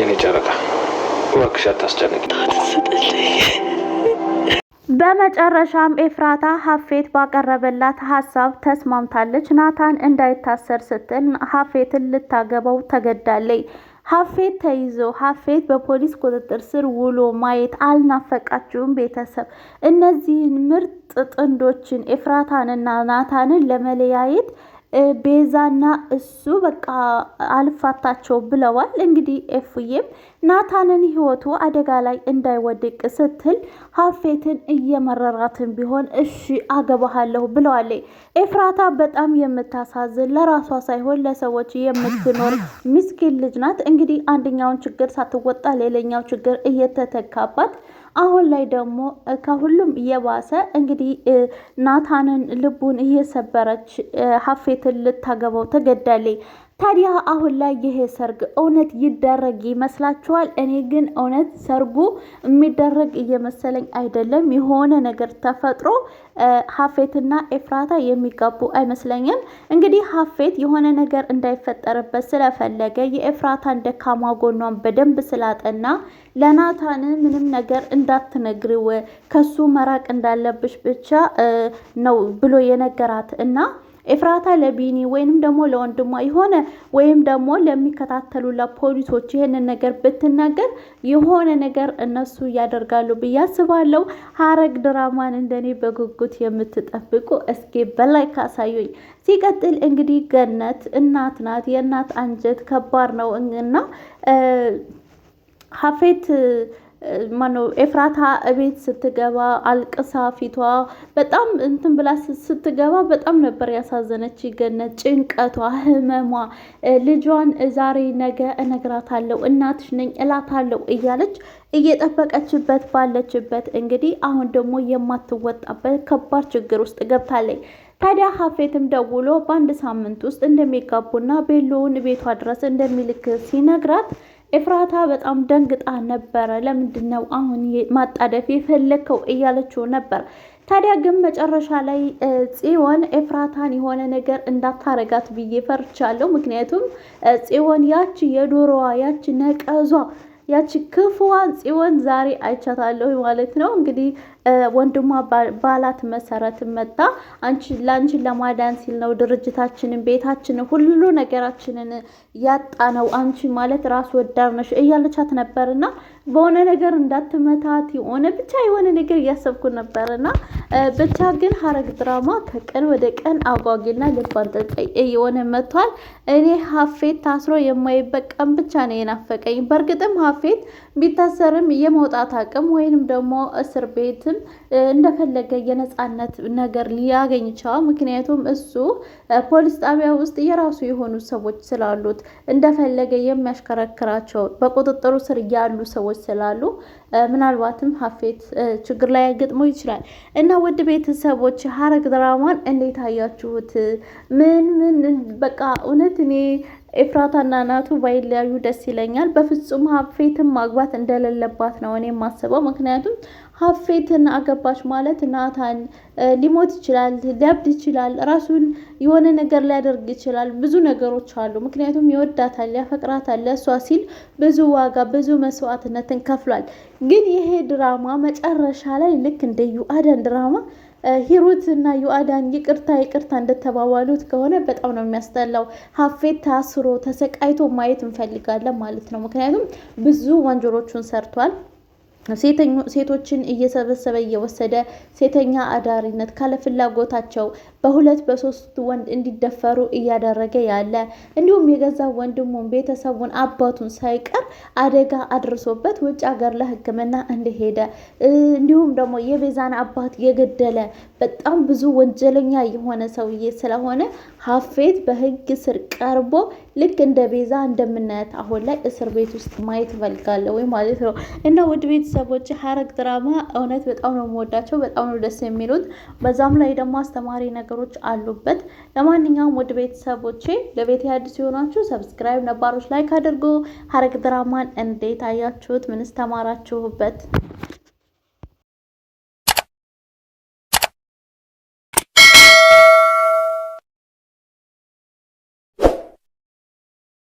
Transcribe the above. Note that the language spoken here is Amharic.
የኔ ጨረቃ እባክሽ አታስጨንቂ። በመጨረሻም ኤፍራታ ሀፌት ባቀረበላት ሀሳብ ተስማምታለች። ናታን እንዳይታሰር ስትል ሀፌትን ልታገባው ተገዳለች። ሀፌት ተይዞ ሀፌት በፖሊስ ቁጥጥር ስር ውሎ ማየት አልናፈቃችሁም? ቤተሰብ እነዚህን ምርጥ ጥንዶችን ኤፍራታንና ናታንን ለመለያየት ቤዛና እሱ በቃ አልፋታቸው ብለዋል። እንግዲህ ኤፉዬም ናታንን ህይወቱ አደጋ ላይ እንዳይወድቅ ስትል ሀፌትን እየመረራትን ቢሆን እሺ አገባሃለሁ ብለዋል። ኤፍራታ በጣም የምታሳዝን ለራሷ ሳይሆን ለሰዎች የምትኖር ምስኪን ልጅ ናት። እንግዲህ አንደኛውን ችግር ሳትወጣ ሌላኛው ችግር እየተተካባት አሁን ላይ ደግሞ ከሁሉም እየባሰ እንግዲህ ናታንን ልቡን እየሰበረች ሀፌት ሴትን ልታገባው ተገዳለች። ታዲያ አሁን ላይ ይሄ ሰርግ እውነት ይደረግ ይመስላችኋል? እኔ ግን እውነት ሰርጉ የሚደረግ እየመሰለኝ አይደለም። የሆነ ነገር ተፈጥሮ ሀፌትና ኤፍራታ የሚጋቡ አይመስለኝም። እንግዲህ ሀፌት የሆነ ነገር እንዳይፈጠርበት ስለፈለገ የኤፍራታን ደካማ ጎኗን በደንብ ስላጠና ለናታን ምንም ነገር እንዳትነግሪው ከሱ መራቅ እንዳለብሽ ብቻ ነው ብሎ የነገራት እና ኤፍራታ ለቢኒ ወይንም ደግሞ ለወንድሟ የሆነ ወይም ደግሞ ለሚከታተሉ ለፖሊሶች ይህንን ነገር ብትናገር የሆነ ነገር እነሱ ያደርጋሉ ብዬ አስባለሁ። ሐረግ ድራማን እንደኔ በጉጉት የምትጠብቁ እስኪ በላይ ካሳዩኝ። ሲቀጥል እንግዲህ ገነት እናት ናት። የእናት አንጀት ከባድ ነው እና ሀፌት ማነው ኤፍራታ እቤት ስትገባ አልቅሳ ፊቷ በጣም እንትን ብላ ስትገባ በጣም ነበር ያሳዘነች። ገነት ጭንቀቷ፣ ህመሟ ልጇን ዛሬ ነገ እነግራታለሁ እናትሽ ነኝ እላታለሁ እያለች እየጠበቀችበት ባለችበት እንግዲህ አሁን ደግሞ የማትወጣበት ከባድ ችግር ውስጥ ገብታለች። ታዲያ ሀፌትም ደውሎ በአንድ ሳምንት ውስጥ እንደሚጋቡና ቤሎውን ቤቷ ድረስ እንደሚልክ ሲነግራት ኤፍራታ በጣም ደንግጣ ነበረ። ለምንድን ነው አሁን ማጣደፍ የፈለግከው እያለችው ነበር። ታዲያ ግን መጨረሻ ላይ ጽዮን ኤፍራታን የሆነ ነገር እንዳታረጋት ብዬ ፈርቻለሁ። ምክንያቱም ጽዮን ያቺ የዶሮዋ ያቺ ነቀዟ ያቺ ክፉዋን ጽዮን ዛሬ አይቻታለሁ ማለት ነው እንግዲህ ወንድሟ ባላት መሰረት መጣ አንቺ ለአንቺን ለማዳን ሲል ነው ድርጅታችንን፣ ቤታችንን፣ ሁሉ ነገራችንን ያጣ ነው አንቺ ማለት ራስ ወዳድ ነሽ እያለቻት ነበርና በሆነ ነገር እንዳትመታት የሆነ ብቻ የሆነ ነገር እያሰብኩ ነበርና ብቻ ግን ሀረግ ድራማ ከቀን ወደ ቀን አጓጊና ልብ አንጠልጣይ እየሆነ መጥቷል። እኔ ሀፌት ታስሮ የማይበቀም ብቻ ነው የናፈቀኝ። በእርግጥም ሀፌት ቢታሰርም የመውጣት አቅም ወይንም ደግሞ እስር ቤት ማለትም እንደፈለገ የነፃነት ነገር ሊያገኝ ቻው። ምክንያቱም እሱ ፖሊስ ጣቢያ ውስጥ የራሱ የሆኑ ሰዎች ስላሉት እንደፈለገ የሚያሽከረክራቸው በቁጥጥሩ ስር ያሉ ሰዎች ስላሉ ምናልባትም ሀፌት ችግር ላይ ያገጥሞ ይችላል እና ውድ ቤተሰቦች ሀረግ ድራማን እንዴት አያችሁት? ምን ምን በቃ እውነት እኔ ኤፍራታና ናቱ ባይለያዩ ደስ ይለኛል። በፍጹም ሀፌትን ማግባት እንደሌለባት ነው እኔ የማስበው። ምክንያቱም ሀፌትን አገባች ማለት ናታን ሊሞት ይችላል፣ ሊያብድ ይችላል፣ ራሱን የሆነ ነገር ሊያደርግ ይችላል። ብዙ ነገሮች አሉ። ምክንያቱም ይወዳታል፣ ያፈቅራታል። ለእሷ ሲል ብዙ ዋጋ ብዙ መስዋዕትነትን ከፍሏል። ግን ይሄ ድራማ መጨረሻ ላይ ልክ እንደ ዩአደን ድራማ ሂሩት እና ዩአዳን ይቅርታ ይቅርታ እንደተባባሉት ከሆነ በጣም ነው የሚያስጠላው። ሀፌት ታስሮ ተሰቃይቶ ማየት እንፈልጋለን ማለት ነው። ምክንያቱም ብዙ ወንጀሎቹን ሰርቷል። ሴቶችን እየሰበሰበ እየወሰደ ሴተኛ አዳሪነት ካለፍላጎታቸው በሁለት በሶስት ወንድ እንዲደፈሩ እያደረገ ያለ እንዲሁም የገዛ ወንድሙን ቤተሰቡን አባቱን ሳይቀር አደጋ አድርሶበት ውጭ ሀገር ለሕክምና እንደሄደ እንዲሁም ደግሞ የቤዛን አባት የገደለ በጣም ብዙ ወንጀለኛ የሆነ ሰውዬ ስለሆነ ሀፌት በሕግ ስር ቀርቦ ልክ እንደ ቤዛ እንደምናያት አሁን ላይ እስር ቤት ውስጥ ማየት እፈልጋለሁ ወይ ማለት ነው። እና ውድ ቤተሰቦች ሀረግ ድራማ እውነት በጣም ነው የምወዳቸው፣ በጣም ነው ደስ የሚሉት። በዛም ላይ ደግሞ አስተማሪ ነገሮች አሉበት። ለማንኛውም ውድ ቤተሰቦቼ ለቤት አዲስ የሆናችሁ ሰብስክራይብ፣ ነባሮች ላይክ አድርጉ። ሀረግ ድራማን እንዴት አያችሁት? ምንስ ተማራችሁበት?